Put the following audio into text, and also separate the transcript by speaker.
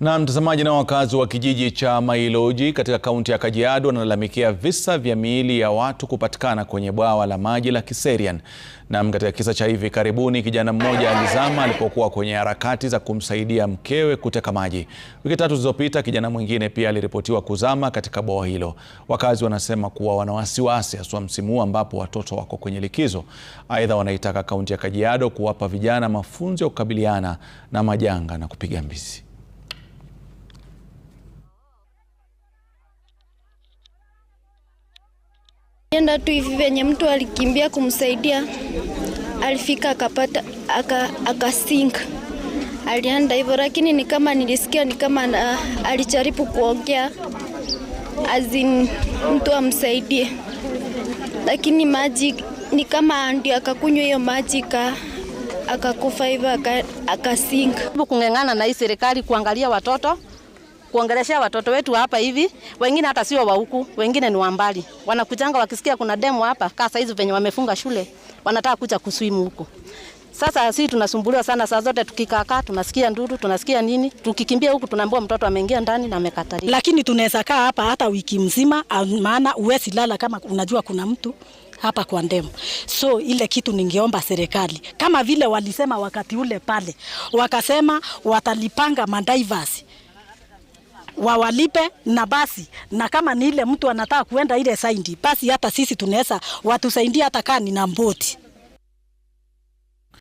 Speaker 1: Na mtazamaji, na wakazi wa kijiji cha Mailoji katika kaunti ya Kajiado wanalalamikia visa vya miili ya watu kupatikana kwenye bwawa la maji la Kiserian. Nam, katika kisa cha hivi karibuni, kijana mmoja alizama alipokuwa kwenye harakati za kumsaidia mkewe kuteka maji. Wiki tatu zilizopita, kijana mwingine pia aliripotiwa kuzama katika bwawa hilo. Wakazi wanasema kuwa wana wasiwasi, haswa msimu huu ambapo watoto wako kwenye likizo. Aidha, wanaitaka kaunti ya Kajiado kuwapa vijana mafunzo ya kukabiliana na majanga na kupiga mbizi.
Speaker 2: alienda tu hivi venye mtu alikimbia kumsaidia, alifika akapata akasinka aka alienda hivyo, lakini ni kama nilisikia ni kama ah, alijaribu kuongea azin mtu amsaidie, lakini maji ni kama ndio akakunywa hiyo maji ka akakufa hivyo aka
Speaker 3: Kung'eng'ana na hii serikali kuangalia watoto kuongeleshea watoto wetu hapa hivi. Wengine hata sio wa huku, wengine ni wa mbali, wanakujanga wakisikia kuna demo hapa. kasa hizo venye wamefunga shule, wanataka kuja kuswimu huku. Sasa sisi tunasumbuliwa sana saa zote, tukikaakaa tunasikia nduru, tunasikia nini, tukikimbia huku tunaambiwa mtoto ameingia ndani na amekatalia.
Speaker 4: Lakini tunaweza kaa hapa hata wiki mzima, maana uwezi lala kama unajua kuna mtu hapa kwa demo. So ile kitu ningeomba serikali, kama vile walisema wakati ule pale, wakasema watalipanga madivers wawalipe na basi, na kama ni ile mtu anataka kuenda ile saindi, basi hata sisi tunaweza watusaidia, hata kani na mboti